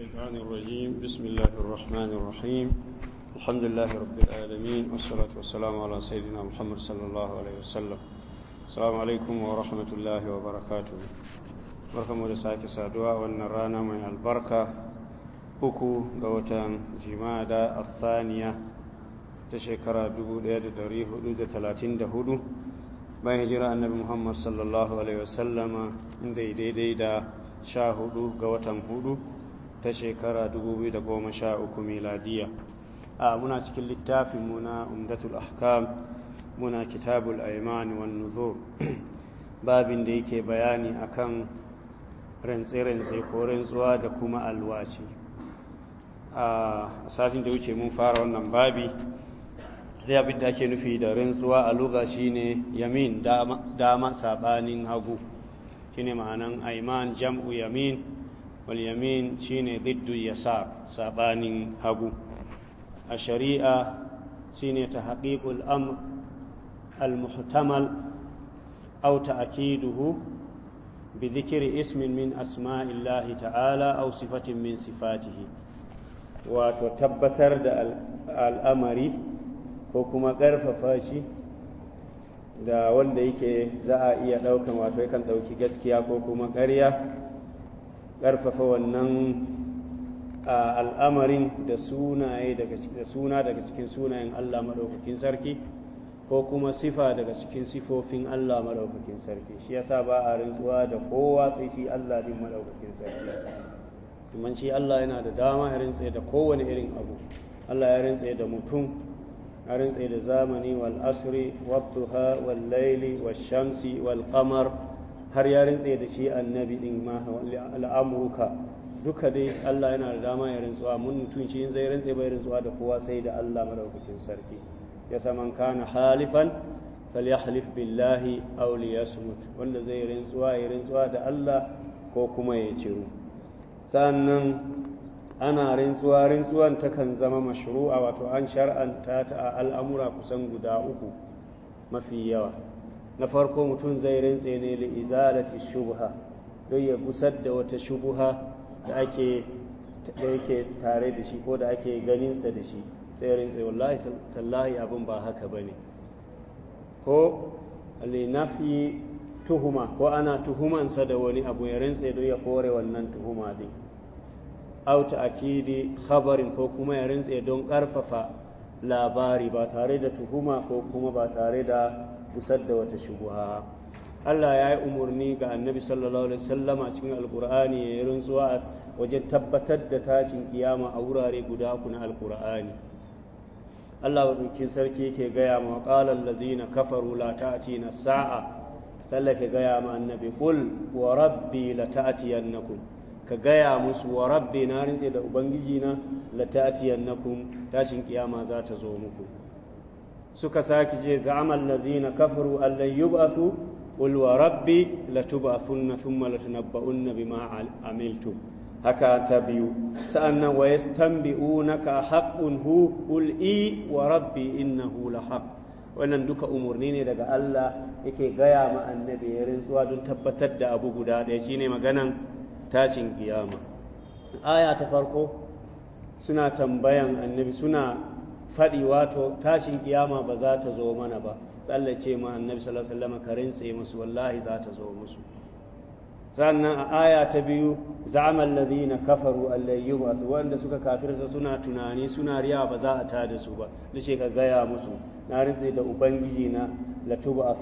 الشيطان الرجيم بسم الله الرحمن الرحيم الحمد لله رب العالمين والصلاة والسلام على سيدنا محمد صلى الله عليه وسلم السلام عليكم ورحمة الله وبركاته بركم ورساك سادوا والنرانا من البركة أكو قوتا جمادة الثانية تشكر دبو دير دريه دودة ثلاثين دهودو bayan hijira annabi Muhammad sallallahu alaihi wasallama inda daidai da sha hudu ga watan hudu ta shekara 2013 miladiya a muna cikin littafin muna umdatul ahkam muna kitabul aiman wan nuzur babin da yake bayani akan rantse-rantse ko rantsuwa da kuma alwaci a satin da wuce mun fara wannan babi sai abin da ake nufi da rantsuwa a lugha shine yamin dama sabanin hagu shine ma'anan aiman jam'u yamin واليمين شيني ضد يسار ساباني هبو الشريعة شيني تحقيق الأمر المحتمل أو تأكيده بذكر اسم من أسماء الله تعالى أو صفة من صفاته وتتبتر الأمر وكما قرف فاشي da wanda yake إيا a iya ɗaukan wato yakan ɗauki ƙarfafa wannan al'amarin da suna daga cikin sunayen Allah maɗaukakin sarki ko kuma sifa daga cikin sifofin Allah maɗaukakin sarki shi yasa ba a rantsuwa da kowa sai shi Allah din maɗaukakin sarki kuma shi Allah yana da dama ya rantse da kowane irin abu Allah ya rantse da mutum ya da zamani wal asri wal duha wal laili wal shamsi wal qamar har ya rintse da shi annabi din ma al'amuruka duka dai Allah yana da dama ya rintsuwa mun mutum shi in zai rintse bai rintsuwa da kowa sai da Allah madaukakin sarki ya saman kana halifan falyahlif billahi aw liyasmut wanda zai rintsuwa ya rintsuwa da Allah ko kuma ya ciro sannan ana rintsuwa rintsuwan takan zama mashru'a wato an shar'anta ta a al'amura kusan guda uku mafi yawa na farko mutum zai rantse ne li izalati shubha don ya gusar da wata shubha da ake da yake tare da shi ko da ake ganinsa da shi sai rantse wallahi tallahi abin ba haka bane ko li nafi tuhuma ko ana tuhumansa da wani abu ya rantse don ya kore wannan tuhuma din au ta akidi khabarin ko kuma ya rantse don karfafa labari ba tare da tuhuma ko kuma ba tare da gusar da wata shubha Allah ya yi umarni ga annabi sallallahu alaihi wasallam a cikin alkur'ani ya yi rantsuwa wajen tabbatar da tashin kiyama a wurare guda ku na alkur'ani Allah wa madaukakin sarki ke gaya ma qala allazina kafaru la ta'tina sa'a sallake gaya ma annabi Kul, wa rabbi la ta'tiyannakum ka gaya musu wa rabbi na rinje da ubangiji na la ta'tiyannakum tashin kiyama za ta zo muku suka sake je za'amal lazina kafaru allan yub'athu qul wa rabbi latub'athunna thumma latunabba'unna bima amiltum haka ta biyu sa'annan wa yastanbi'unaka haqqun hu qul i wa rabbi innahu lahaqq wannan duka umarni ne daga Allah yake gaya ma annabi ya rintsuwa don tabbatar da abu guda ɗaya shine maganan tashin kiyama aya ta farko suna tambayan annabi suna faɗi wato tashin kiyama ba za ta zo mana ba tsallace ma annabi sallallahu alaihi wasallam karin tsaye musu wallahi za ta zo musu sannan a aya ta biyu za'ama alladhina kafaru allai wasu. wanda suka kafirta suna tunani suna riya ba za a tada su ba dace ka gaya musu na ritse da ubangiji na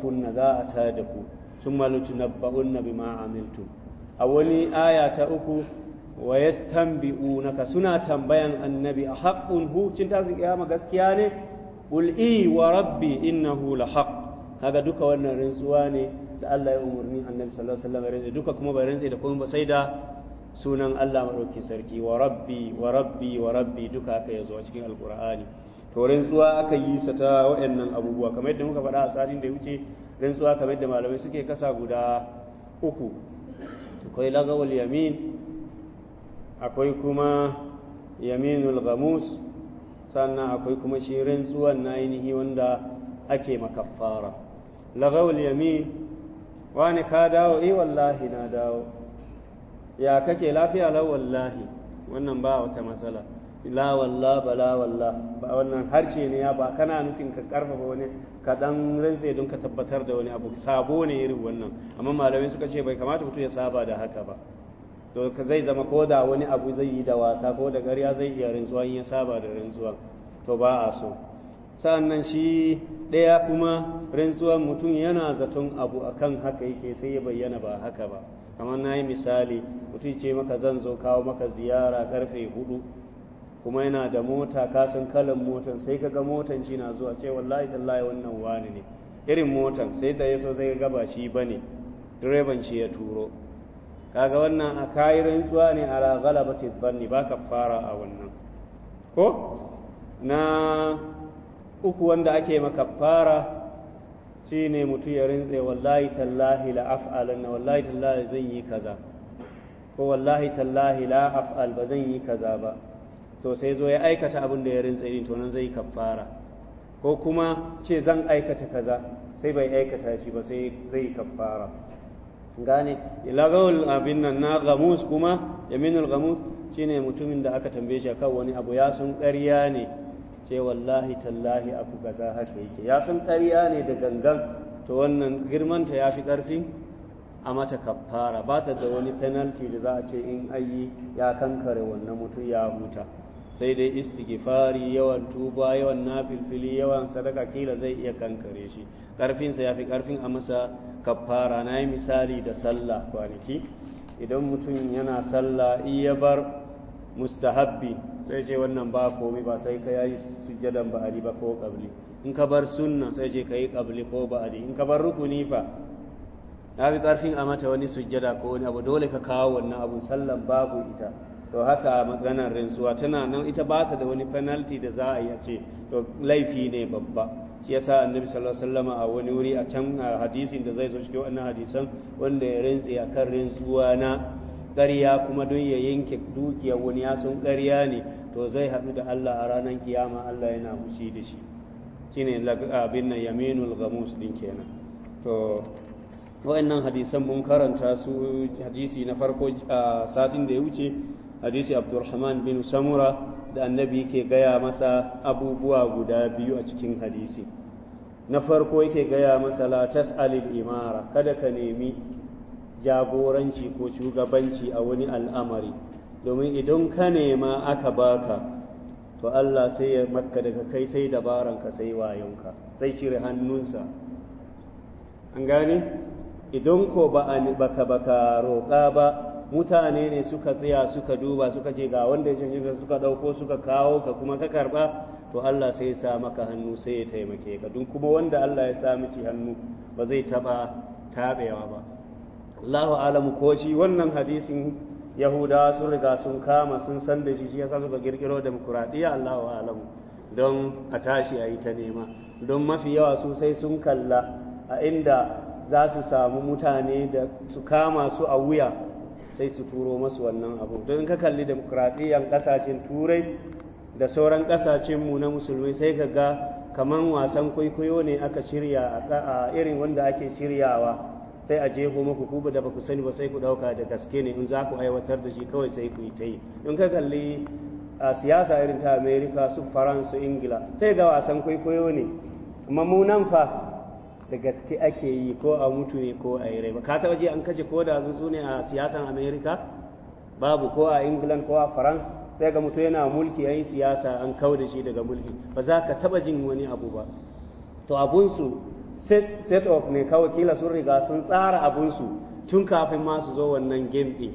sunna za a tada ku summa latunabba'unna bima amiltum a wani aya ta uku wa yastanbi'unaka suna tambayan annabi a haqqun hu cin tashin kiyama gaskiya ne qul i wa rabbi innahu la haqq kaga duka wannan rantsuwa ne da Allah ya umurni annabi sallallahu alaihi wasallam rantsa duka kuma bai rantsa da komai ba sai da sunan Allah madauki sarki wa rabbi wa rabbi wa rabbi duka aka yazo a cikin alqur'ani to rantsuwa aka yi sa ta waɗannan abubuwa kamar yadda muka faɗa a satin da ya wuce rantsuwa kamar yadda malamai suke kasa guda uku akwai lagawul yamin akwai kuma yaminul gamus sannan akwai kuma shi rantsuwan na ainihi wanda ake makaffara lagawul yamin wani ka dawo eh wallahi na dawo ya kake lafiya la wallahi wannan ba wata matsala la wallah ba la wallah ba wannan harce ne ya ba kana nufin ka karfafa wani ka dan rantse don ka tabbatar da wani abu sabo ne irin wannan amma malamai suka ce bai kamata mutum ya saba da haka ba to zai zama ko da wani abu zai yi da wasa ko da ƙarya zai iya rinzuwa in ya saba da rinzuwa to ba a so sa'annan shi ɗaya kuma rantsuwan mutum yana zaton abu akan haka yake sai ya bayyana ba haka ba kamar na yi misali mutum ce maka zan zo kawo maka ziyara karfe hudu kuma yana da mota kasan kalan motan sai ka ga motan shi na zuwa ce wallahi tallahi wannan wani ne irin motan sai da ya so sai ba shi bane direban shi ya turo kaga wannan a kayi rantsuwa ne ala ghalabati dhanni ba fara a wannan ko na uku wanda ake ma fara shine mutu ya rintse wallahi tallahi la af'alan wallahi tallahi zan yi kaza ko wallahi tallahi la af'al ba zan yi kaza ba to sai zo ya aikata abin da ya rintse din to nan zai kaffara ko kuma ce zan aikata kaza sai bai aikata shi ba sai zai kaffara gane ilagawul abin nan na gamus kuma yaminul gamus shine mutumin da aka tambaye shi kan wani abu ya sun ƙarya ne ce wallahi tallahi haka yake ya sun ƙarya ne da gangan to wannan girmanta ya fi ƙarfi a mata kafara ba ta da wani penalty da za a ce in ayi ya kankare wannan mutum ya huta sai dai istighfari yawan tuba yawan nafilfili yawan sadaka kila zai iya kankare shi ƙarfinsa ya fi ƙarfin a masa kafara na yi misali da sallah kwanaki idan mutum yana sallah iya bar mustahabbi sai ce wannan ba komai ba sai ka yayi sujjadan ba'adi ba ko qabli in ka bar sunna sai ce kai qabli ko ba'adi in ka bar rukuni fa ya fi ƙarfin a mata wani sujjada ko wani abu dole ka kawo wannan abu sallan babu ita to haka matsanar rinsuwa tana nan ita ba ta da wani penalty da za a yi ce to laifi ne babba shi yasa annabi sallallahu alaihi wasallam a wani wuri a can hadisin da zai zo cikin wannan hadisan wanda ya rintse akan rantsuwa na ƙarya kuma don ya yanke dukiya wani ya sun ƙarya ne to zai haɗu da Allah a ranar kiyama Allah yana fushi da shi shine abin nan yaminul ghamus din kenan to wa'annan hadisan mun karanta su hadisi na farko a satin da ya wuce hadisi abdurrahman bin samura da annabi ke gaya masa abubuwa guda biyu a cikin hadisi na farko yake gaya masa la tas'alil imara kada ka nemi jagoranci ko shugabanci a wani al'amari domin idan ka nema aka baka to Allah sai ya maka daga kai sai ka sai wayonka sai shiri hannunsa an gane idan ko ba baka baka roƙa ba mutane ne suka tsaya suka duba suka ce ga wanda ya canji suka ɗauko suka kawo ka kuma ka karɓa to Allah sai ya sa maka hannu sai ya taimake ka duk kuma wanda Allah ya sa miki hannu ba zai taba tabewa ba Allahu alamu ko shi wannan hadisin Yahudawa sun riga sun kama sun san da shi shi yasa suka kirkiro demokuraɗiyya Allahu alamu don a tashi a yi ta nema don mafi yawa su sai sun kalla a inda za su samu mutane da su kama su a wuya sai su turo masu wannan abu don ka kalli demokradiyyar kasashen turai da sauran mu na musulmi sai ka ga kaman wasan kwaikwayo ne aka shirya a irin wanda ake shiryawa sai a jefo muku kuma da baku sani ba sai ku ɗauka da gaske ne in za ku aiwatar da shi kawai sai ku yi ta yi in ka kalli a siyasa irin ta amerika su faransu ingila sai ga wasan kwaikwayo ne kuma mu nan fa da gaske ake yi ko a mutu ne ko a yi rai ba ka taɓa ji an kaje ko da zuzu ne a siyasan amerika babu ko a england ko a faransa sai ga mutum yana mulki yayi siyasa an kau da shi daga mulki ba za ka taba jin wani abu ba to abunsu set of ne kawai kila sun riga sun tsara abunsu tun kafin ma su zo wannan game ɗin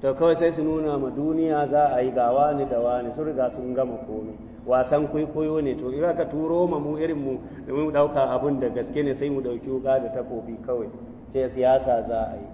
to kawai sai su nuna ma duniya za a yi ga wani da wani sun riga sun gama komai wasan kwaikwayo ne to idan ka turo ma mu irin mu da mu dauka abun da gaske ne sai mu dauki wuka da takofi kawai sai siyasa za a yi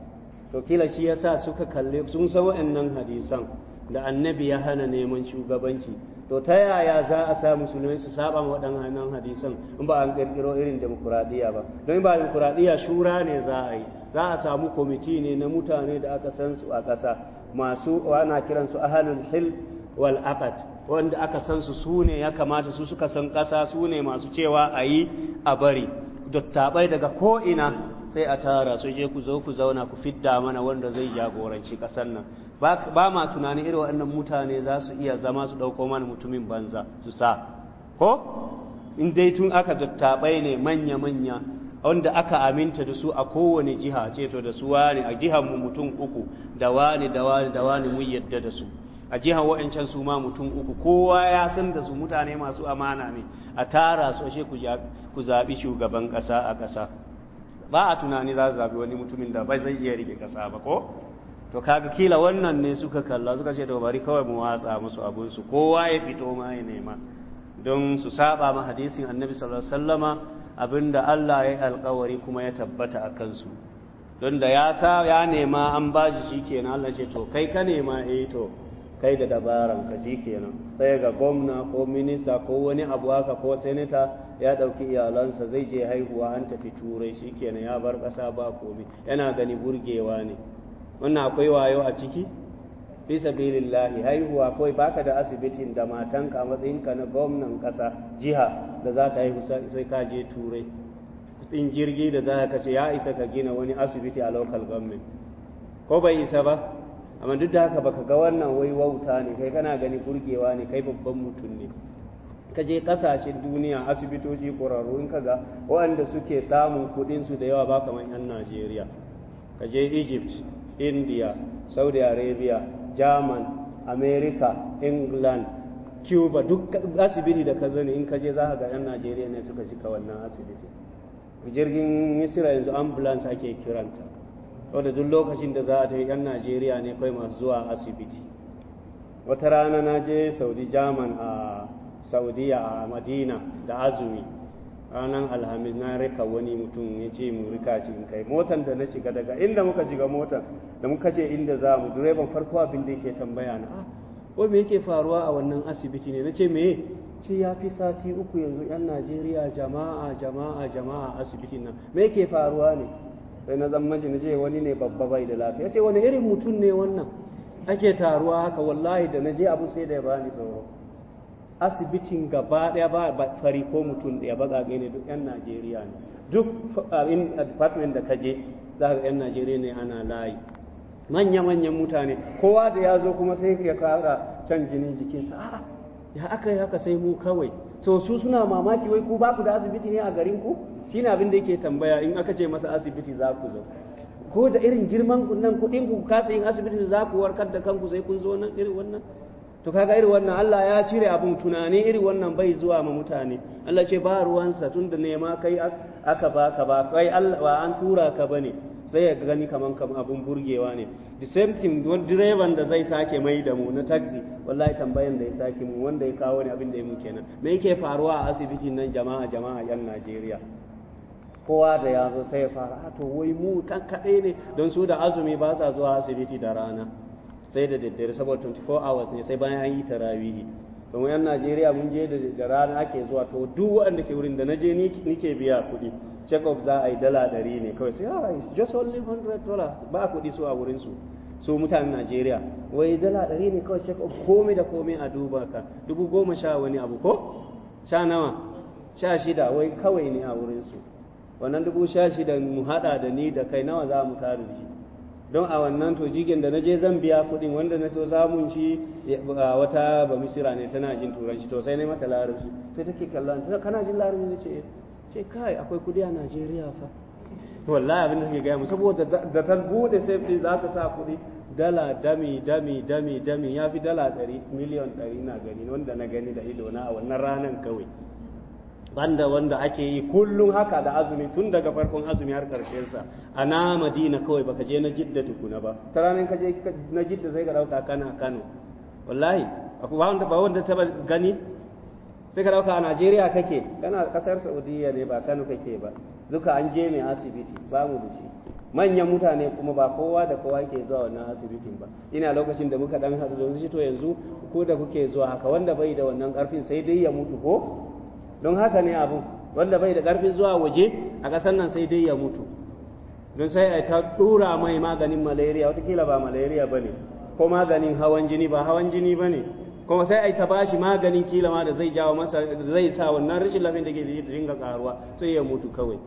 to kila shi yasa suka kalle sun san wa'annan hadisan da annabi ya hana neman shugabanci to ta yaya za a sa musulmai su saba ma waɗannan hadisan in ba an ƙirƙiro irin demokuraɗiyya ba don ba demokuraɗiyya shura ne za a yi za a samu kwamiti ne na mutane da aka san su a ƙasa masu ana kiran su ahalul hil wal aqad wanda aka san su su ne ya kamata su suka san ƙasa sune masu cewa a yi a bari dattabai daga ko ina sai a tara su je ku zo ku zauna ku fidda mana wanda zai jagoranci ƙasar nan ba ma tunanin irin waɗannan mutane za su iya zama su ɗauko mana mutumin banza su sa ko in dai tun aka tattaɓai ne manya-manya wanda aka aminta da su a kowane jiha ce to da su wani a jihar mu mutum uku da wani da wani da wani mun yadda da su a jihar wa'ancan su ma mutum uku kowa ya san da su mutane masu amana ne a tara su ashe ku zaɓi shugaban ƙasa a ƙasa ba a tunani za su zaɓi wani mutumin da bai zai iya rike ƙasa ba ko to kaga kila wannan ne suka kalla suka ce to bari kawai mu watsa musu abun su kowa ya fito ma ya nema don su saba ma hadisin annabi sallallahu alaihi wasallama abinda Allah ya yi alkawari kuma ya tabbata a kansu don da ya sa ya nema an ba shi shikenan Allah ce to kai ka nema eh to kai da dabaran ka shikenan sai ga gwamna ko minista ko wani abu haka ko senata ya ɗauki iyalansa zai je haihuwa an tafi turai shikenan ya bar kasa ba komai yana gani burgewa ne wannan akwai wayo a ciki fi sabilillahi haihuwa kawai baka da asibitin da matanka a matsayinka na gwamnan kasa jiha da za ta haihu sai ka je turai kudin jirgi da za ka ce ya isa ka gina wani asibiti a local government ko bai isa ba amma duk da haka baka ga wannan wai wauta ne kai kana gani burgewa ne kai babban mutum ne ka je kasashen duniya asibitoci ƙwararru in ka ga waɗanda suke samun kuɗinsu da yawa ba kamar 'yan najeriya ka je egypt india saudi arabia german america england cuba duk asibiti da ka zane in ka je za ka ga 'yan najeriya ne suka shiga wannan asibiti jirgin misira yanzu ambulance ake kiranta wadda duk lokacin da za a ta yi 'yan najeriya ne kai masu zuwa asibiti wata rana na je saudi german a saudiya a madina da azumi ranar alhamis na rika wani mutum ya ce mu rika shi in kai motan da na shiga daga inda muka shiga motan da muka ce inda za mu direban farko abin da yake tambaya na ko ah, me yake faruwa a wannan asibiti ne na ce me ce ya fi sati uku yanzu yan najeriya jama'a jama'a jama'a asibitin nan me yake faruwa ne sai na zama na ce wani ne babba bai da lafiya ce wani irin mutum ne wannan ake taruwa haka wallahi da na je abu sai da ya bani tsoro asibitin gaba daya ba fari ko mutum daya ga ne duk yan najeriya ne duk in department da je za ka yan najeriya ne ana layi manya-manyan mutane kowa da ya zo kuma sai ya kara can jinin jikinsa a ya aka yi haka sai mu kawai so su suna mamaki wai ku ba ku da asibiti ne a garin ku shi ne abin da yake tambaya in aka ce masa asibiti za ku zo ko da irin girman ku nan kuɗin ku kasa yin asibiti za ku warkar da kanku sai kun zo nan irin wannan to kaga irin wannan Allah ya cire abun tunani irin wannan bai zuwa ma mutane Allah ce ba ruwansa tunda nema kai aka baka ba kai Allah ba an tura ka bane sai ya gani kaman kam abun burgewa ne the same thing don direban da zai sake mai da mu na taxi wallahi tambayan da ya sake mu wanda ya kawo ne abin da ya mu kenan me yake faruwa a asibitin nan jama'a jama'a yan Najeriya kowa da ya zo sai ya fara to wai mu kan ne don su da azumi ba sa zuwa asibiti da rana sai da daddare saboda 24 hours ne sai bayan an yi tarawihi domin yan najeriya mun je da rana ake zuwa to duk waɗanda ke wurin da na je nike biya kuɗi check up za a yi dala ɗari ne kawai sai ah it's just only 100 dollar ba kuɗi su a wurin su su mutanen najeriya wai dala ɗari ne kawai check up komai da komai a duba ka dubu goma sha wani abu ko sha nawa sha shida wai kawai ne a wurin su wannan dubu sha shida mu hada da ni da kai nawa za mu tare da shi don a wannan to jigin da na je zan biya kuɗin wanda na so samun shi wata ba misira ne tana jin turanci to sai na mata larabci sai take kallon ta kana jin larabci ne ce ce kai akwai kuɗi a Najeriya fa wallahi abin da take gaya mu saboda da ta bude safety za ta sa kuɗi dala dami dami dami dami ya fi dala 100 miliyan 100 na gani wanda na gani da ido na a wannan ranar kawai banda wanda ake yi kullum haka da azumi tun daga farkon azumi har sa, a na madina kawai baka je na jidda tukuna ba ta ranar ka na jidda sai ka dauka kana kano wallahi akwai wanda ba wanda taba gani sai ka dauka a najeriya kake kana kasar saudiya ne ba kano kake ba duka an je mai asibiti ba mu da manyan mutane kuma ba kowa da kowa ke zuwa wannan asibitin ba ina lokacin da muka dan haɗu da to yanzu ko da kuke zuwa haka wanda bai da wannan karfin sai dai ya mutu ko don haka ne abu wanda bai da ƙarfin zuwa waje a ƙasar nan sai dai ya mutu don sai a ta ɗura mai maganin malaria watakila ba malaria ba ne ko maganin hawan jini ba hawan jini ba ne kuma sai a ta ba shi maganin kila ma da zai jawo masa zai sa wannan rashin lafiyar da ke dinga karuwa sai ya mutu kawai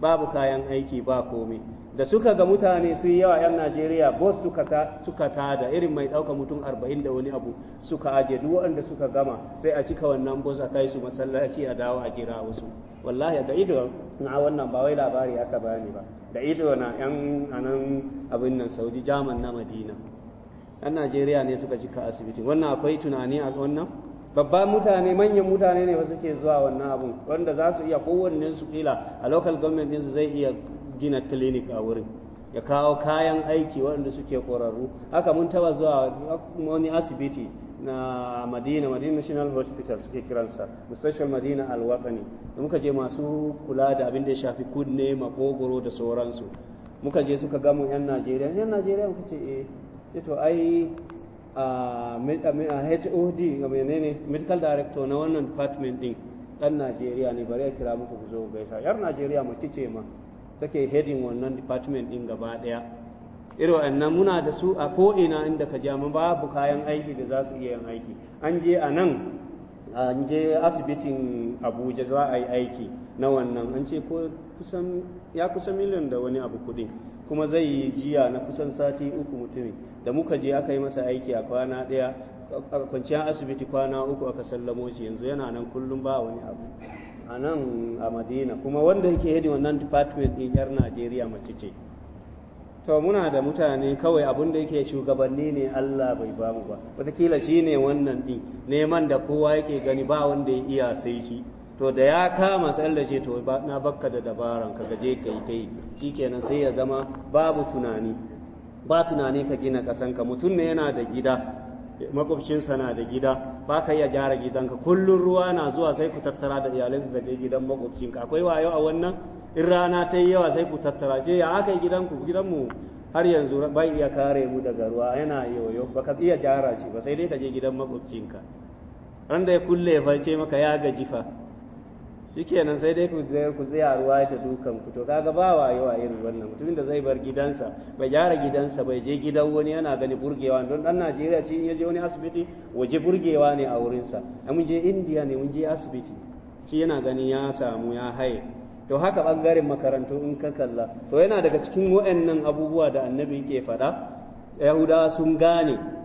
babu kayan aiki ba komai da suka ga mutane sun yawa 'yan najeriya bos suka tada irin mai ɗauka mutum arba'in da wani abu suka aje duk waɗanda suka gama sai a cika wannan bos a kai su masallaci a dawo a jira wasu wallahi da ido na wannan ba wai labari aka bani ba da ido na 'yan anan abin nan saudi jaman na madina 'yan najeriya ne suka cika asibiti wannan akwai tunani a wannan babban mutane manyan mutane ne wasu ke zuwa wannan abun wanda za su iya kowanne su kila a local government ɗinsu zai iya gina clinic a wurin ya kawo kayan aiki waɗanda suke ƙwararru haka mun taba zuwa wani asibiti na madina madina national hospital suke kiransa musashen madina alwatani da muka je masu kula da abin da ya shafi kunne makogoro da sauransu muka je suka gamu 'yan najeriya 'yan najeriya muka ce eh to ai a hod ga menene medical director na wannan department din dan najeriya ne bari ya kira muku ku zo gaisa yar najeriya mace ce ma take heading wannan department din gaba daya irin wannan muna da su a ko ina inda ka ja babu kayan aiki da za su iya yin aiki an je a nan an je asibitin abuja za a yi aiki na wannan an ce ko kusan ya kusa miliyan da wani abu kudin kuma zai yi jiya na kusan sati uku mutumin da muka je aka yi masa aiki a kwana daya kwanciyar asibiti kwana uku aka sallamo shi yanzu yana nan kullum ba wani abu a nan a madina kuma wanda yake hedin wannan department ɗin yar najeriya mace ce to muna da mutane kawai abin da yake shugabanni ne allah bai ba mu ba watakila shi ne wannan ɗin neman da kowa yake gani ba wanda ya iya sai shi to da ya kama sai ce to na bakka da dabaran ka gaje ka yi kai kenan sai ya zama babu tunani ba tunani ka gina kasanka mutum ne yana da gida makwabcinsa na da gida ba ka iya gyara gidanka kullum ruwa na zuwa sai ku tattara da iyalin ka je gidan makwabcinka akwai wayo a wannan in rana ta yi yawa sai ku tattara je ya aka yi gidanku gidanmu har yanzu ba iya kare mu daga ruwa yana yoyo ba ka iya gyara shi ba sai dai ka je gidan makwabcinka ran da ya kulle ya ce maka ya gaji fa shikenan sai dai ku zai ku a ruwa ta dukan ku to kaga ba wayo irin wannan mutumin da zai bar gidansa bai gyara gidansa bai je gidan wani yana gani burgewa don dan Najeriya shi ya je wani asibiti waje burgewa ne a wurinsa a mun je India ne mun je asibiti shi yana gani ya samu ya haye to haka bangaren makarantu in ka kalla to yana daga cikin waɗannan abubuwa da annabi yake faɗa yahudawa sun gane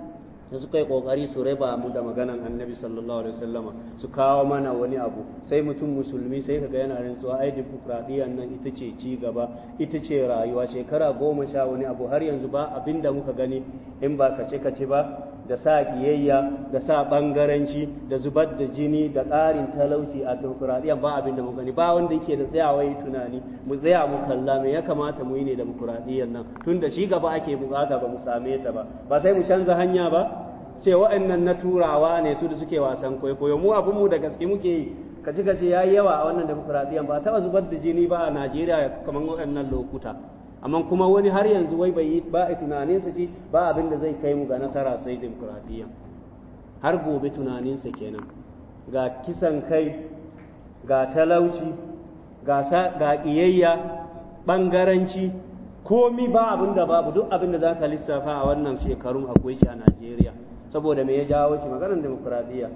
sai suka yi kokari su raba mu da maganan annabi sallallahu alaihi wasallama su kawo mana wani abu sai mutum musulmi sai kaga yana rantsuwa ai dimokuraɗiyyar nan ita ce ci gaba ita ce rayuwa shekara goma sha wani abu har yanzu ba abin da muka gani in ba kace kace ba da sa ƙiyayya da sa ɓangaranci da zubar da jini da ƙarin talauci a demokuraɗiyyar ba abin da mu gani ba wanda yake da tsayawa yi tunani mu tsaya mu kalla me ya kamata mu yi ne demokuraɗiyyar nan Tunda shi gaba ake buƙata ba mu same ta ba ba sai mu canza hanya ba ce waɗannan na turawa ne su da suke wasan kwaikwayo mu abin mu da gaske muke yi kaci gace ya yi yawa a wannan demokuraɗiyyar ba taɓa zubar da jini ba a najeriya kamar waɗannan lokuta amma kuma wani har yanzu wai bai ba a tunaninsa ce, ba abin da zai kai mu ga nasara sai demokradiyya har gobe tunaninsa kenan ga kisan kai ga talauci ga ƙiyayya bangaranci komi ba abin da babu duk abin da za lissafa a wannan shekarun akwai shi a najeriya saboda me ya jawo shi maganar demokradiyya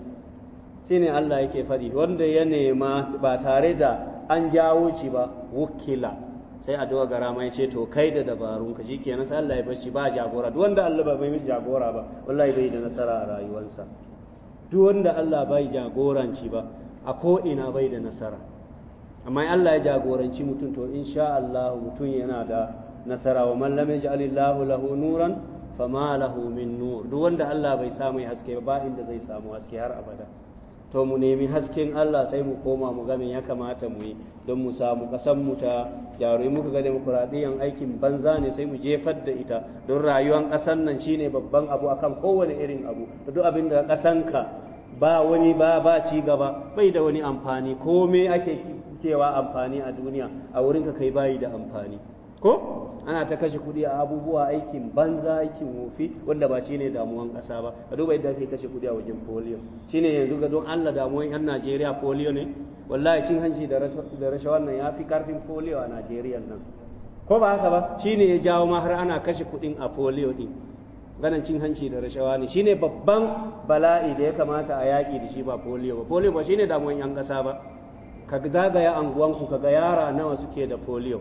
shine allah yake faɗi wanda ya nema ba tare da an jawo shi ba wukila sai a dogara mai ce to kai da dabarun ka shikenan sai Allah ya bashi ba jagora duk wanda Allah ba bai mishi jagora ba wallahi bai da nasara a rayuwarsa duk wanda Allah bai jagoranci ba a ko ina bai da nasara amma Allah ya jagoranci mutum to insha Allah mutum yana da nasara wa man lam yaj'alillahu lahu nuran fama lahu min nur duk wanda Allah bai samu haske ba inda zai samu haske har abada to mu nemi hasken Allah sai mu koma mu ga me ya kamata mu yi don mu samu mu ta yaro muka ga demokuraɗiyyar aikin banza ne sai mu jefar da ita don rayuwan ƙasan nan shine babban abu akan kowane irin abu da duk abin da ƙasanka ba wani ba ba ci gaba bai da wani amfani komai ake cewa amfani a duniya a wurin ka kai bayi da amfani ko ana ta kashe kuɗi a abubuwa aikin banza aikin wofi wanda ba shine damuwan ƙasa ba ka duba yadda ake kashe kuɗi a wajen polio shine yanzu ga don Allah damuwan yan Najeriya polio ne wallahi cin hanci da rashawa nan ya fi karfin polio a Najeriya nan ko ba haka ba shine ya jawo ma har ana kashe kuɗin a polio din ganin cin hanci da rashawa ne shine babban bala'i da ya kamata a yaƙi da shi ba polio ba polio ba shine damuwan yan kasa ba ka zagaya anguwanku ka ga yara nawa suke da polio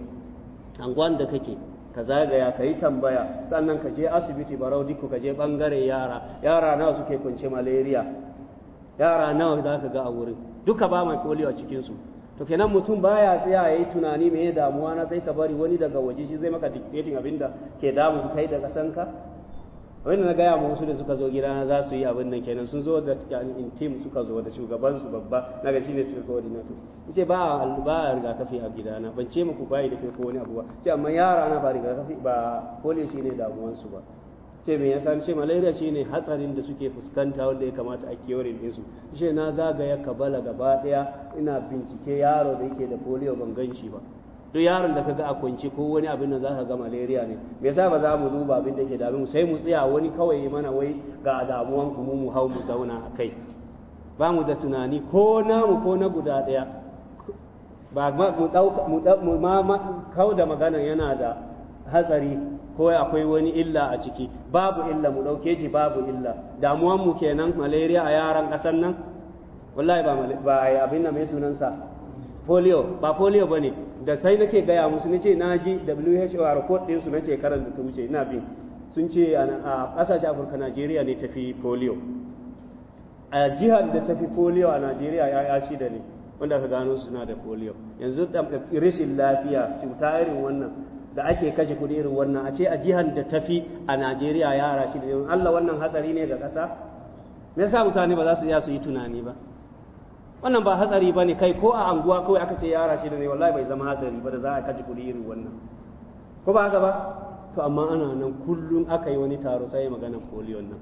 anguwan da kake ka zagaya ka yi tambaya sannan ka je asibiti barau dikku ka je bangare yara yara nawa suke kunce malaria yara nawa za ka ga a wurin duka ba mai polio a cikinsu to kenan mutum baya tsaya ya tunani me ya damuwa na sai ka bari wani daga waje shi zai maka dictating abinda ke damun kai daga sanka wanda na gaya wasu da suka zo gidana za su yi abin nan kenan sun zo da in team suka zo da shugaban su babba naga shine suka coordinator yace ba ba rigakafi a gidana ban ce muku bayi da ke ko wani abu ba ce amma yara na ba rigakafi ba polio shine damuwan su ba ce me yasa ce malaria shine hatsarin da suke fuskanta wanda ya kamata a kiyore din su ce na zagaya kabala gaba daya ina bincike yaro da yake da polio ban gan shi ba duk yaron da kaga a kwance ko wani abin nan ka ga malaria ne me yasa ba za mu duba abin da ke damu sai mu tsaya wani kawai mana wai ga damuwan ku mu hau mu zauna a kai ba mu da tunani ko namu ko na guda ɗaya ba mu kau da magana yana da hatsari ko akwai wani illa a ciki babu illa mu dauke shi babu illa damuwan mu kenan malaria a yaran ƙasar nan wallahi ba abin da mai sunansa polio ba polio ba da sai nake gaya musu nace na ji WHO a report din su na shekarar da ta wuce ina bin sun ce a kasashen Afirka Najeriya ne tafi polio a jihar da tafi polio a Najeriya ya ya da ne wanda aka gano su na da polio yanzu da rashin lafiya cuta irin wannan da ake kashe kuɗi irin wannan a ce a jihar da tafi a Najeriya yara shida ne Allah wannan hatsari ne ga kasa me yasa mutane ba za su iya su yi tunani ba wannan ba hatsari ba ne kai ko a anguwa kawai aka ce yara shi da ne wallahi bai zama hatsari ba da za a kaji kuɗi irin wannan ko ba haka ba to amma ana nan kullum aka yi wani taro sai maganar polio nan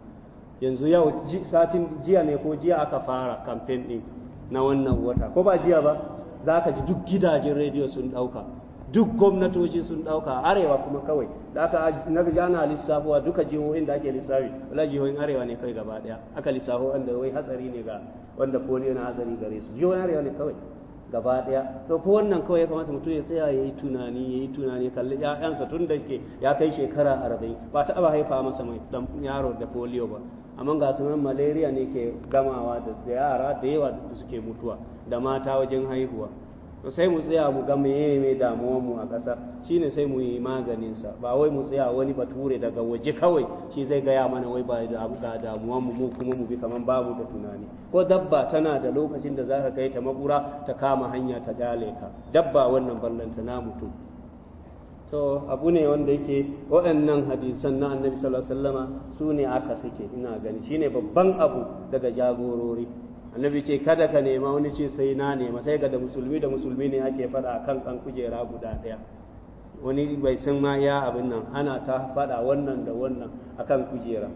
yanzu yau satin jiya ne ko jiya aka fara kamfen ɗin na wannan wata ko ba jiya ba za ka ji duk gidajen rediyo sun ɗauka duk gwamnatoci sun ɗauka arewa kuma kawai da aka na ji ana lissafowa duka jihohin da ake lissafi wala jihohin arewa ne kai gaba ɗaya aka lissafo wanda wai hatsari ne ga wanda polio na azari gare su yare wani kawai gaba daya to ko wannan kawai ya kamata mutum ya tsaya ya yi tunani yayi tunani kalli ƴaƴansa tun da ke ya kai shekara arba'in ba ta aba haifa masa mai yaro da polio ba amma ga nan malaria ne ke gamawa da yara da yawa da suke mutuwa da mata wajen haihuwa to sai mu tsaya mu ga meye mai damuwar mu a ƙasa shine sai mu yi maganin sa ba wai mu tsaya wani bature daga waje kawai shi zai gaya mana wai ba da ga damuwar mu mu kuma mu bi kaman babu da tunani ko dabba tana da lokacin da zaka kai ta makura ta kama hanya ta gale ka dabba wannan ballanta na mutum to abu ne wanda yake waɗannan hadisan na annabi sallallahu alaihi wasallama su ne aka suke ina gani shine babban abu daga jagorori annabi ce kada ka nema wani ce sai na nema sai ga da musulmi da musulmi ne ake fada kan kan kujera guda daya wani bai san ma ya abin nan ana ta fada wannan da wannan akan kujera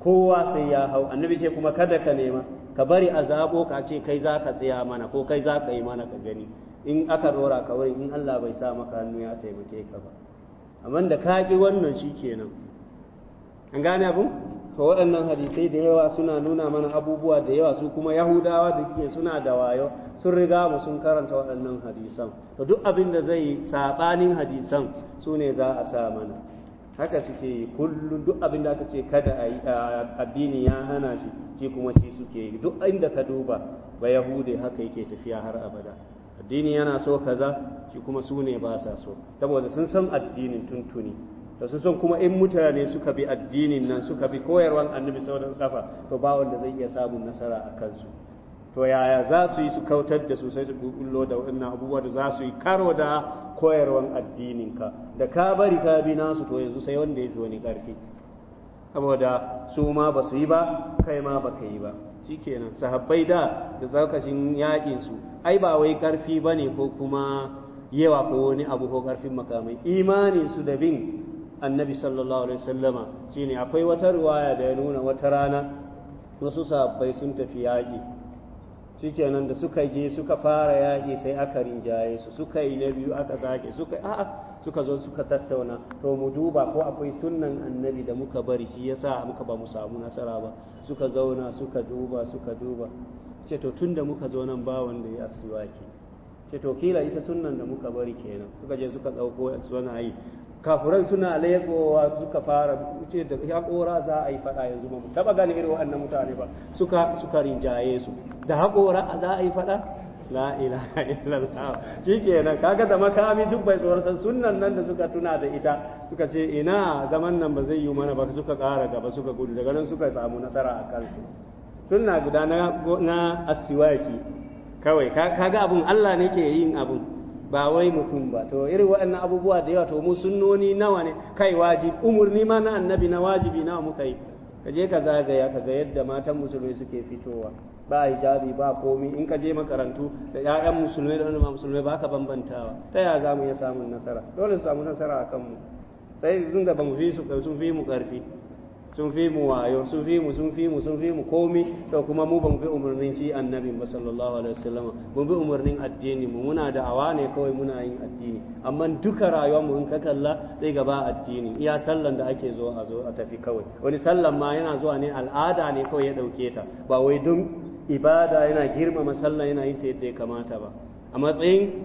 kowa sai ya hau annabi ce kuma kada ka nema ka bari azabo ka ce kai za ka tsaya mana ko kai za ka yi mana ka gani in aka rora ka wurin in Allah bai sa maka hannu ya taimake ka ba amma da ka ki wannan shi kenan an gane abin ka waɗannan hadisai da yawa suna nuna mana abubuwa da yawa su kuma yahudawa da ke suna da wayo sun riga mu sun karanta waɗannan hadisan to duk abin da zai saɓanin hadisan su ne za a sa mana haka suke kullum duk abin da aka ce kada addini ya hana shi shi kuma shi suke yi duk inda ka duba ba yahude haka yake tafiya har abada addini yana so kaza shi kuma su ne ba sa so saboda sun san addinin tuntuni to su son kuma in mutane suka bi addinin nan suka bi koyarwan annabi sau sauran kafa to ba wanda zai iya samun nasara a kansu to yaya za su yi su kautar da su sai su bullo da wannan abubuwa da za su yi karo da koyarwan addininka da ka bari ka bi nasu to yanzu sai wanda ya fi wani karfi saboda su ma ba su yi ba kai ma ba ka yi ba shikenan sahabbai da da zarkashin yakin su ai ba wai karfi bane ko kuma yawa ko wani abu ko karfin makamai imanin su da bin annabi sallallahu alaihi wasallama shine akwai wata riwaya da ya nuna wata rana wasu sahabbai sun tafi yaƙi shikenan da suka je suka fara yaƙi sai aka rinjaye su suka yi na biyu aka sake suka a'a suka zo suka tattauna to mu duba ko akwai sunnan annabi da muka bari shi yasa muka ba mu samu nasara ba suka zauna suka duba suka duba ce to tunda muka zo nan ba wanda ya asiwaki ce to kila ita sunnan da muka bari kenan suka je suka dauko suna yi kafuran suna laikowa suka fara wuce da haƙora za a yi faɗa yanzu ba mu taɓa irin wannan mutane ba suka suka rinjaye su da haƙora za a yi faɗa la ilaha illallah shikenan kaga da makami duk bai tsorata sunnan nan da suka tuna da ita suka ce ina zaman nan ba zai yi mana ba suka kara gaba suka gudu daga nan suka samu nasara a kansu sunna guda na asiwaki kawai kaga abun Allah ne ke yin abun ba wai mutum ba to irin waɗannan abubuwa da yawa to mu sunnoni nawa ne kai wajib umurni ma na annabi na wajibi nawa muka yi ka je ka zagaya ka ga yadda matan musulmai suke fitowa ba hijabi ba komi in ka je makarantu da ƴaƴan musulmai da ma musulmai ba ka bambantawa ta yaya za mu iya samun nasara dole su samu nasara a kanmu sai da ba mu fi su sun fi mu ƙarfi sun fi mu wayo sun fi mu sun fi mu sun fi mu komi to kuma mu ban fi umarnin shi annabi ba sallallahu alaihi wasallam mu bi umarnin addini mu muna da'awa ne kawai muna yin addini amma duka rayuwar mu in ka kalla sai gaba addini iya sallan da ake zo a zo a tafi kawai wani sallan ma yana zuwa ne al'ada ne kawai ya dauke ta ba wai don ibada yana girmama sallah yana yin ta yadda ya kamata ba a matsayin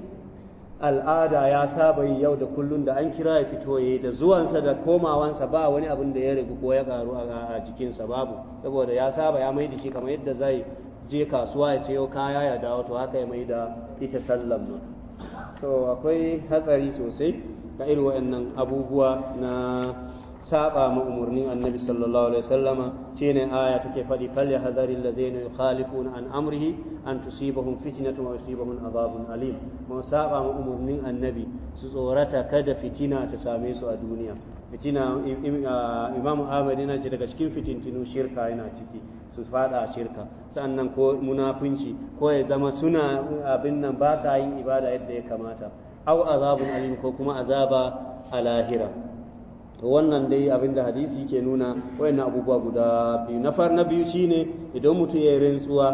al'ada ya saba yi yau da kullun da an kira ya fito yi da zuwansa da komawansa ba wani abin da ya rigu ko ya karu a jikinsa babu saboda ya saba ya mai da shi kamar yadda zai je kasuwa ya sayo kaya ya dawo to haka ya mai da ita sallan ma to akwai hatsari sosai ga irin waɗannan abubuwa na saba ma umarnin annabi sallallahu alaihi wasallama shine aya take fadi falyahadhari alladhina yukhalifuna an amrihi an tusibahum fitnatun wa yusibahum adhabun alim mu saba ma umarnin annabi su tsorata kada fitina ta same su a duniya fitina imam ahmad yana ce daga cikin fitintinu shirka yana ciki su fada a shirka sannan ko munafunci ko ya zama suna abin nan ba sa yin ibada yadda ya kamata au azabun alim ko kuma azaba a lahira to wannan dai abin da hadisi ke nuna wayannan abubuwa guda biyu na far na biyu shine idan mutum ya yi rantsuwa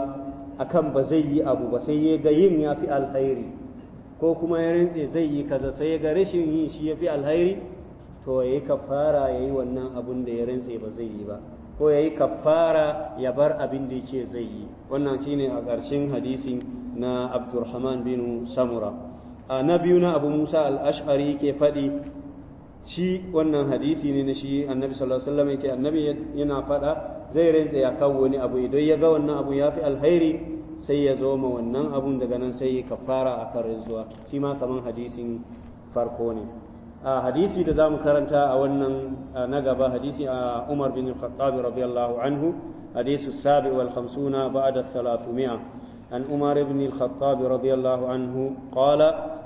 akan ba zai yi abu ba sai ya ga yin ya fi alkhairi ko kuma ya rantse zai yi kaza sai ya ga rashin yin shi ya fi alkhairi to ya yi kafara ya yi wannan abun da ya rantse ba zai yi ba ko ya yi kafara ya bar abin da yake zai yi wannan shine a ƙarshen hadisin na abdurrahman bin samura a na biyu na abu musa al-ash'ari ke faɗi shi wannan hadisi ne na shi annabi sallallahu alaihi wasallam annabi yana fada zai rantsa ya kawo wani abu idan ya ga wannan abu ya fi alhairi sai ya zo ma wannan abun daga nan sai ya kafara a kan rantsuwa shi ma kaman hadisin farko ne a hadisi da zamu karanta a wannan na gaba hadisi a Umar bin Khattab radiyallahu anhu hadisu sabi wal da ba'da 300 عن عمر بن الخطاب رضي الله عنه قال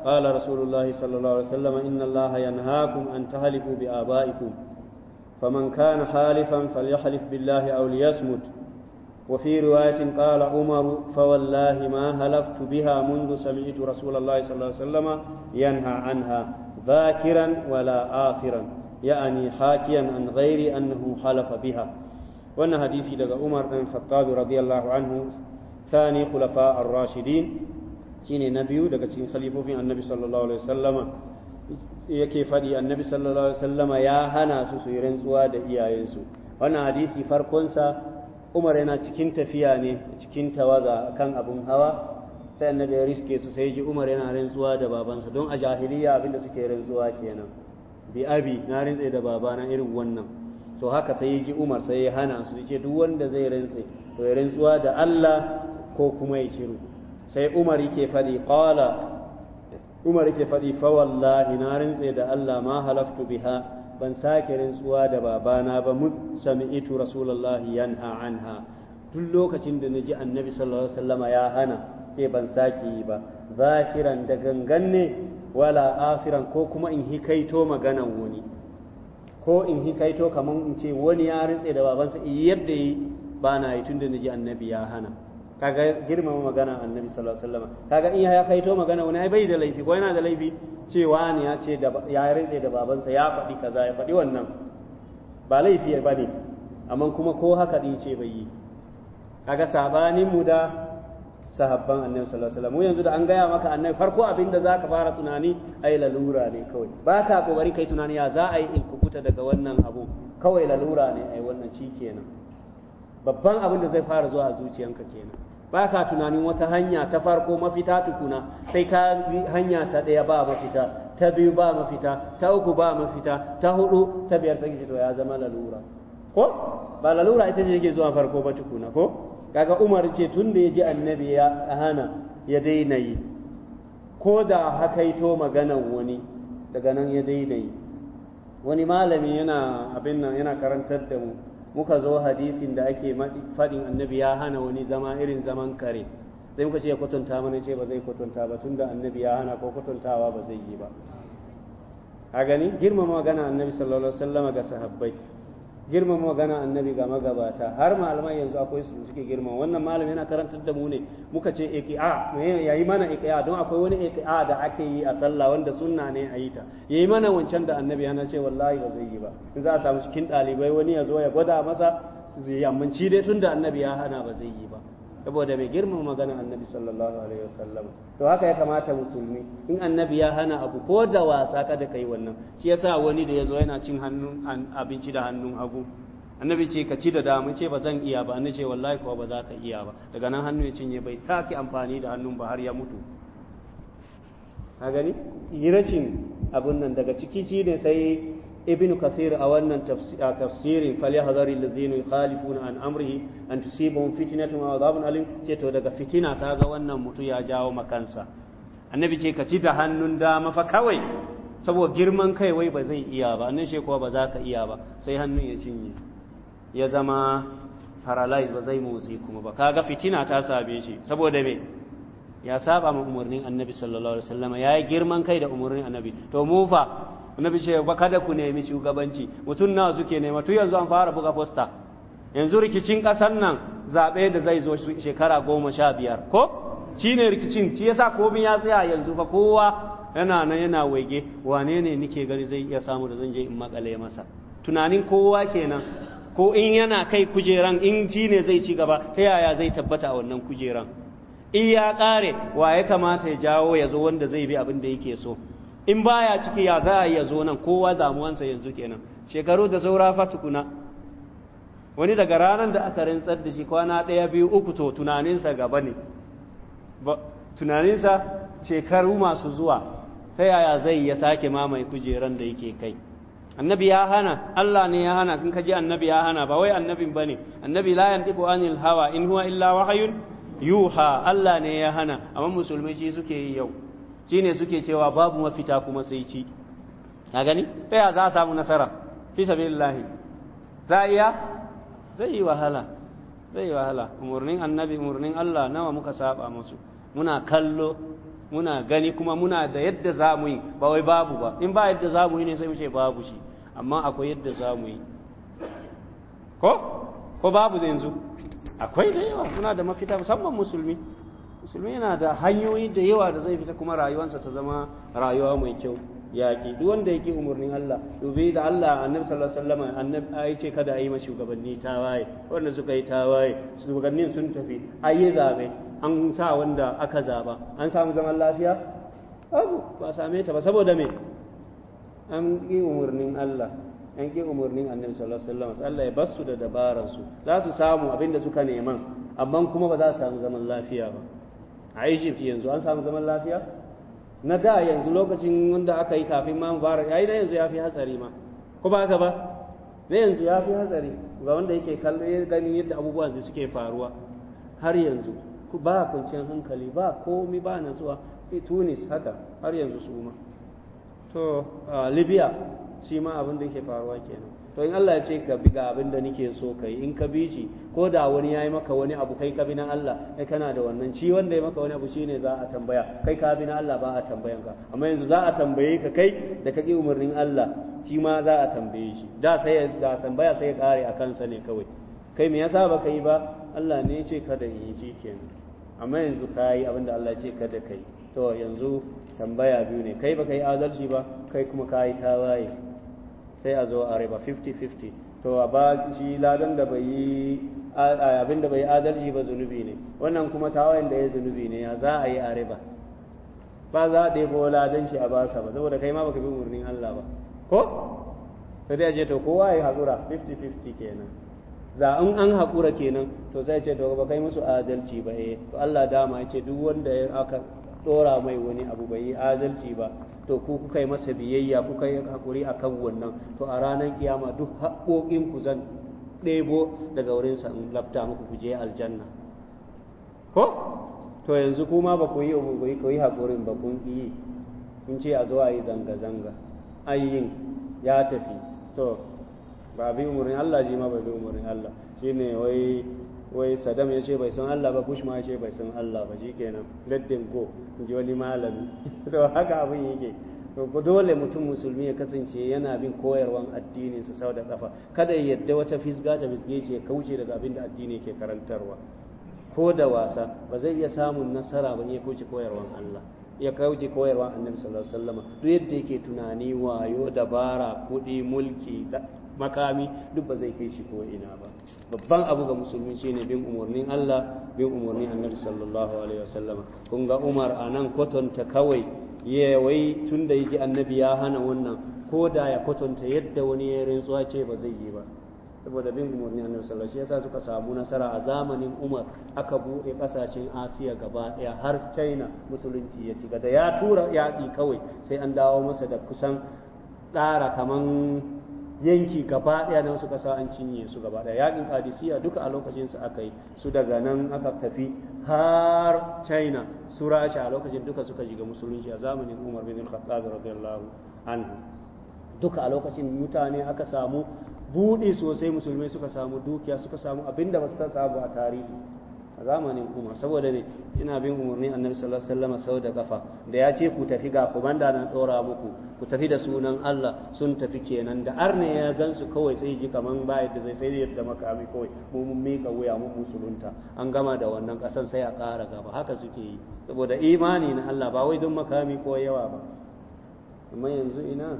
قال رسول الله صلى الله عليه وسلم إن الله ينهاكم أن تهلفوا بآبائكم فمن كان حالفا فليحلف بالله أو ليصمت وفي رواية قال عمر فوالله ما هلفت بها منذ سمعت رسول الله صلى الله عليه وسلم ينهى عنها ذاكرا ولا آخرا يعني حاكيا عن غير أنه حلف بها وأن حديثي لدى عمر بن الخطاب رضي الله عنه ثاني خلفاء الراشدين rashidin shine na biyu daga cikin khalifofin annabi sallallahu alaihi yake faɗi annabi sallallahu alaihi wasallama ya hana su su yi rantsuwa da iyayensu wannan hadisi farkonsa umar yana cikin tafiya ne cikin tawaga kan abun hawa sai annabi ya riske su sai ji umar yana rantsuwa da babansa don a jahiliya abinda suke rantsuwa kenan bi abi na rantsa da babana irin wannan to haka sai ya ji umar sai ya hana su ce duk wanda zai rantsa to ya rantsuwa da Allah ko kuma ya ciro sai umar yake faɗi qala umar yake faɗi fa wallahi na rintse da Allah ma halaftu biha ban sake rintsuwa da babana ba mut sami'tu rasulullahi yanha anha duk lokacin da naji annabi sallallahu alaihi wasallama ya hana sai eh, ban sake yi ba zakiran da gangan ne wala afiran ko kuma in hikaito maganan wani ko in hikaito kaman in ce wani ya rintse da babansa eh, yadda yi ba na yi tun tunda naji annabi ya hana kaga girmama magana annabi sallallahu alaihi wasallam kaga in ya kaito magana wani ai bai da laifi ko yana da laifi cewa ne ya ce ya rantse da babansa ya faɗi kaza ya faɗi wannan ba laifi ba ne amma kuma ko haka din ce bai yi kaga sabanin mu da sahabban annabi sallallahu alaihi wasallam mu yanzu da an gaya maka annabi farko abin da zaka fara tunani ai lalura ne kawai ba ka kokari kai tunani ya za a yi in kukuta daga wannan abu kawai lalura ne ai wannan shi kenan babban abin da zai fara zuwa zuciyanka kenan ba ka tunanin wata hanya ta farko mafita tukuna sai ka hanya ta ɗaya ba mafita ta biyu ba mafita ta uku ba mafita ta hudu ta biyar sai to ya zama lalura ko ba lalura ita ce yake zuwa farko ba tukuna ko kaga Umar ce tun da ya ji annabi ya hana ya daina yi ko da hakaito maganan wani daga nan ya daina yi wani malami yana abin nan yana karantar da mu muka zo hadisin da ake faɗin annabi ya hana wani zama irin zaman kare sai muka ce ya kwatanta mana ce ba zai kwatanta ba tunda annabi ya hana ko kwatantawa ba zai yi ba a gani girmama magana annabi sallallahu alaihi wasallam ga sahabbai girmama magana annabi ga magabata har malamai yanzu akwai su suke girman wannan malam yana karantar da mu ne muka ce iqa yayi mana iqa don akwai wani iqa da ake yi a sallah wanda sunna ne a yi ta yayi mana wancan da annabi yana ce wallahi ba zai yi ba in za a samu cikin dalibai wani ya zo ya gwada masa zai yi amma dai tunda annabi ya hana ba zai yi ba saboda mai girmama magana annabi sallallahu alaihi wasallam to haka ya kamata musulmi in annabi ya hana abu ko da wasa kada kai wannan shi yasa wani da yazo yana cin hannun abinci da hannun hagu annabi ce ka ci da dama ce ba zan iya ba annabi ce wallahi ko ba za ka iya ba daga nan hannu ya cinye bai taki amfani da hannun ba har ya mutu ka gani yi rashin abun nan daga ciki shi ne sai ibn kathir a wannan tafsirin falyahzari allazina yukhalifuna an amrihi an tusibahum fitnatun aw adhabun alim ce to daga fitina ta ga wannan mutu ya jawo makansa annabi ce ka ci da hannun dama fa kawai saboda girman kai wai ba zai iya ba annan kuwa ba za ka iya ba sai hannun ya cinye ya zama paralyzed ba zai motsi kuma ba kaga fitina ta same shi saboda me ya saba ma umarnin annabi sallallahu alaihi wasallam ya yi girman kai da umarnin annabi to mu fa annabi ce ba kada ku nemi shugabanci mutum nawa suke nema tun yanzu an fara buga fosta yanzu rikicin ƙasar nan zaɓe da zai zo shekara goma sha biyar ko shi ne rikicin shi yasa komai ya tsaya yanzu fa kowa yana nan yana waige wane ne nike gani zai iya samu da zan je in makale masa tunanin kowa kenan ko in yana kai kujeran in ji ne zai ci gaba ta yaya zai tabbata a wannan kujeran in ya ƙare wa ya kamata ya jawo ya zo wanda zai bi abin da yake so in baya ciki ya za a iya zo nan kowa damuwansa yanzu kenan shekaru da saura fa tukuna wani daga ranar da aka rantsar da shi kwana ɗaya biyu uku to tunaninsa gaba ne tunaninsa shekaru masu zuwa ta yaya zai ya sake mamaye kujeran da yake kai annabi ya hana Allah ne ya hana kun ji annabi ya hana ba wai annabin bane annabi la yantiqu anil hawa in huwa illa wahyun yuha Allah ne ya hana amma musulmi shi suke yi yau Shi ne suke cewa babu mafita kuma sai ci na gani ɗaya za a samu nasara fi sabilillahi za a iya zai yi wahala zai yi wahala umarnin annabi umarnin Allah nawa muka saba musu muna kallo muna gani kuma muna da yadda za mu yi ba wai babu ba in ba yadda za mu yi ne sai mu ce babu shi amma akwai yadda za mu yi ko ko babu yanzu akwai da yawa suna da mafita musamman musulmi musulmi yana da hanyoyi da yawa da zai fita kuma rayuwarsa ta zama rayuwa mai kyau yaƙi duk wanda yake umarnin Allah dubi da Allah annabi sallallahu alaihi wasallam annabi ai ce kada ayi ma shugabanni tawaye wanda suka yi tawaye shugabannin sun tafi ayi zabe an sa wanda aka zaba an samu zaman lafiya abu ba same ta ba saboda me an ki umarnin Allah an ki umarnin annabi sallallahu alaihi wasallam Allah ya basu da dabaransu. za su samu abinda suka neman amma kuma ba za su samu zaman lafiya ba a egypt yanzu an samu zaman lafiya na da yanzu lokacin wanda aka yi kafin ma mubarak yi na yanzu ya fi hatsari ma ko ba haka ba na yanzu ya fi hatsari ga wanda yake kallon eh, ganin yadda abubuwan da suke faruwa har yanzu ba kwanciyar hankali ba komi ba nasuwa eh, tunis haka har yanzu su ma to libya shi ma abin da yake faruwa kenan to in Allah ya ce ka bi ga abin da nake so kai in ka bi shi ko da wani ya yi maka wani abu kai ka bi na Allah kai kana da wannan ci wanda ya maka wani abu shine za a tambaya kai ka bi na Allah ba a tambayan ka amma yanzu za a tambaye ka kai da ka ki umarnin Allah shi ma za a tambaye shi da sai da tambaya sai ya kare a kansa ne kawai kai me yasa ba kai ba Allah ne ya ce kada in yi kenan amma yanzu ka yi abin da Allah ya ce kada kai to yanzu tambaya biyu ne kai ba kai adalci ba kai kuma ka yi tawaye sai a zo a riba 50 to a ba shi ladan da bai yi abin da bai adalci ba zunubi ne wannan kuma tawayen da ya zunubi ne ya za a yi a riba ba za a ɗebo ladan shi a basa ba saboda kai ma baka bi murnin Allah ba ko sai dai ce to kowa ya haƙura 50-50 kenan za in an haƙura kenan to sai ce to ba kai musu adalci ba eh to Allah dama ya ce duk wanda aka dora mai wani abu bai yi adalci ba to ku kuka yi masa biyayya kuka yi hakuri kan wannan to a ranar kiyama duk haƙoƙin ku zan ɗebo daga wurin sa in lafta muku ku je aljanna ko to yanzu kuma ba ku yi ku yi hakurin ba kun yi kun ce a zo a yi zanga zanga ayyin ya tafi to ba bi umurin Allah ji ma ba bi umurin Allah shine wai wai sadam ya ce bai san Allah ba bush ma ya ce bai san Allah ba shikenan let them go in ji wani malami to haka abin yake dole mutum musulmi ya kasance yana bin koyarwan addinin sa sau da kafa kada ya yadda wata fisga ta fisge ce kauce daga abin da addini ke karantarwa ko da wasa ba zai iya samun nasara ba ne ya kauce koyarwan Allah ya kauce koyarwan annabi sallallahu alaihi wasallam duk yadda yake tunani wayo dabara kuɗi mulki makami duk ba zai kai shi ko ina ba babban abu ga musulmi shine bin umarnin Allah bin umarnin Annabi sallallahu alaihi wasallam kun ga Umar anan kwatonta kawai ya wai tunda yaji Annabi ya hana wannan ko da ya kwatanta yadda wani ya rantsuwa ce ba zai yi ba saboda bin umarnin Annabi sallallahu alaihi wasallam yasa suka samu nasara a zamanin Umar aka buɗe kasashen Asiya gaba ɗaya har China musulunci ya shiga da ya tura yaƙi kawai sai an dawo masa da kusan ɗara kaman yanki gaba ɗaya na wasu sa an cinye su gaba ɗaya yaƙin kadisiya duka a lokacin su aka yi su daga nan aka tafi har china su rasha a lokacin duka suka shiga musulunci a zamanin umar bin khattab radiyallahu anhu duka a lokacin mutane aka samu buɗe sosai musulmai suka samu dukiya suka samu abinda ba su samu a tarihi a zamanin umar saboda ne ina bin umarnin annabi sallallahu alaihi wasallam sau da kafa da ya ce ku tafi ga komanda na dora muku ku tafi da sunan Allah sun tafi kenan da arne ya gansu kawai sai ji kaman ba yadda zai sai yadda makami kawai mu mun mika wuya mu musulunta an gama da wannan kasan sai a kara gaba haka suke yi saboda imani na Allah ba wai don makami ko yawa ba amma yanzu ina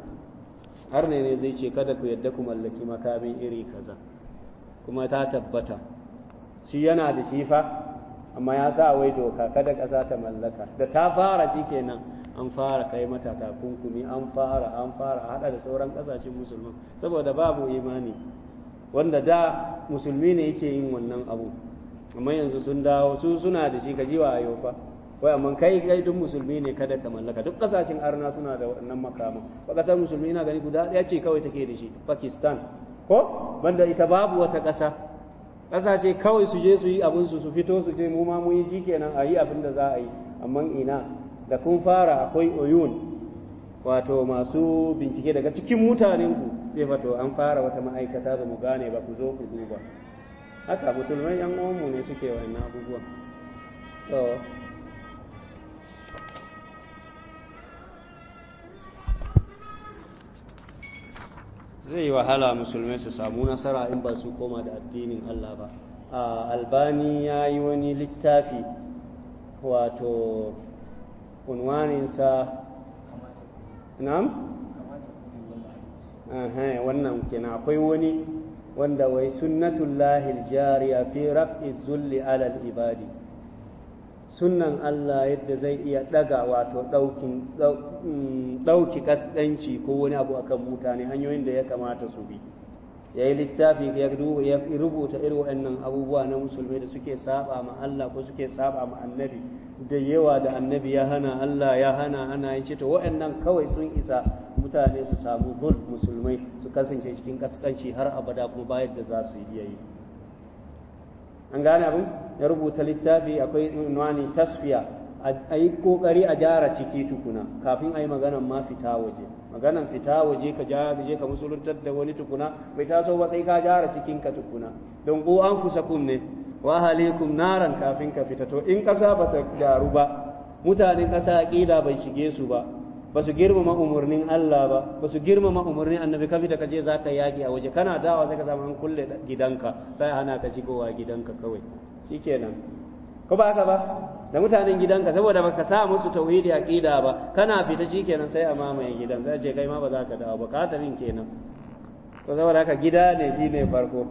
arne ne zai ce kada ku yadda ku mallaki makamin iri kaza kuma ta tabbata shi yana da shi fa amma ya sa wai doka kada ƙasa ta mallaka da ta fara shi kenan an fara kai mata takunkumi an fara an fara hada da sauran ƙasashen musulman saboda babu imani wanda da musulmi ne yake yin wannan abu amma yanzu sun dawo su suna da shi kaji wa ayo fa wai amma kai kai duk musulmi ne kada ka mallaka duk ƙasashen arna suna da wannan makama ba ƙasar musulmi na gani guda ɗaya ce kawai take da shi pakistan ko banda ita babu wata ƙasa ƙasashe kawai su je su yi abinsu su fito su je mu ma mun yi shikenan a yi abin da za a yi amma ina da kun fara akwai oyun wato masu bincike daga cikin mutanen ku sai fato an fara wata ma'aikata ba mu gane ba ku zo ku duba haka musulmai yan uwanmu ne suke wannan abubuwan zai yi wahala musulmai su samu nasara in ba su koma da addinin Allah ba albani ya yi wani littafi wato unwaninsa wannan kenan akwai wani wanda wai sunnatul lahil jariya fi raf'i zulli alal ibadi sunan Allah yadda zai iya ɗaga wato mm, ɗauki kasɗanci ko wani abu akan mutane hanyoyin da ya kamata su bi ya littafi ya rubuta irin waɗannan abubuwa na musulmai da suke saba ma Allah ko suke saba ma annabi da yawa da annabi ya hana Allah ya hana ana yin ce to waɗannan kawai sun isa mutane su samu hul musulmai su kasance cikin kaskanci har abada kuma bayar da za su yi an gane abin ya rubuta littafi akwai unwani tasfiya a yi kokari a gyara ciki tukuna kafin a yi maganan ma fita waje maganan fita waje ka je ka musuluntar da wani tukuna bai taso ba sai ka gyara cikin ka tukuna don ko an kusa kunne wa halikum naran kafin ka fita to in kasa ba ta gyaru ba mutanen kasa aqida bai shige su ba ba su girmama umarnin Allah ba ba su girmama umarnin annabi kafi da kaje za ka yaki a waje kana dawa sai ka samu an kulle gidanka sai hana ka shigowa gidanka kawai shikenan ko ba haka ba da mutanen gidanka saboda baka sa musu tauhidi aqida ba kana fita kenan sai a mamaye gidan sai ce kai ma ba za ka dawo ba ka tarin kenan to saboda haka gida ne shine farko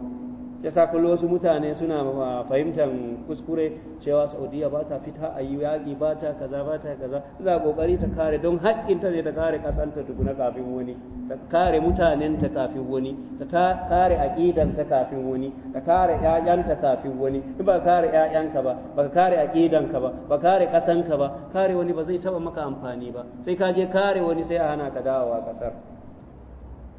yasa kullu wasu mutane suna fahimtar kuskure cewa saudiya ba ta fita a yi yaƙi ba ta kaza ba ta kaza za kokari ta kare don haƙƙin ta ne ta kare ƙasanta tukuna kafin wani ta kare mutanen ta kafin wani ta kare aƙidan ta kafin wani ta kare ƴaƴan ta kafin wani in ba kare ƴaƴan ka ba ba kare aƙidan ka ba ba kare ƙasan ka ba kare wani ba zai taɓa maka amfani ba sai ka je kare wani sai a hana ka dawowa ƙasar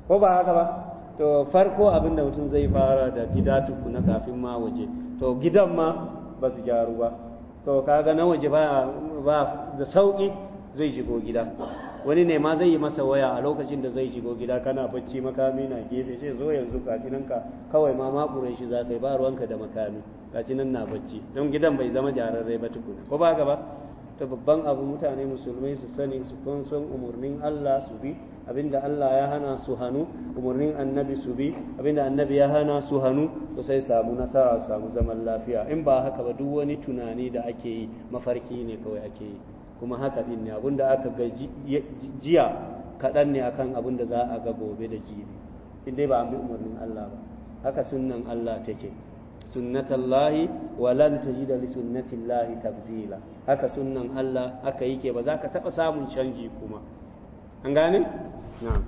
ko ba haka ba to farko abin da mutum zai fara da gida tukuna kafin ma waje to gidan ma ba su gyaru ba to kaga na waje ba da sauƙi zai shigo gida wani ne ma zai yi masa waya a lokacin da zai shigo gida kana bacci makami na gefe sai zo yanzu kaci nan ka kawai ma makure shi za ka yi ba ruwanka da makami kaci nan na bacci don gidan bai zama jararrai ba tukuna ko ba ga ba ta babban abu mutane musulmai su sani su kun san umarnin Allah su bi abinda Allah ya hana su hannu umarnin annabi su bi abinda annabi ya hana su hannu su sai samu nasara samu zaman lafiya in ba haka ba duk wani tunani da ake yi mafarki ne kawai ake yi kuma haka din ne abinda aka ga jiya kaɗan ne akan abinda za a ga gobe da jibi in dai ba an bi umarnin Allah ba haka sunnan Allah take sunnatallahi wa lan tajida li sunnatillahi tabdila haka sunnan Allah haka yake ba za ka taɓa samun canji kuma an gane 那儿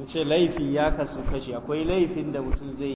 na ce laifi ya kasu kashi akwai laifin da mutum zai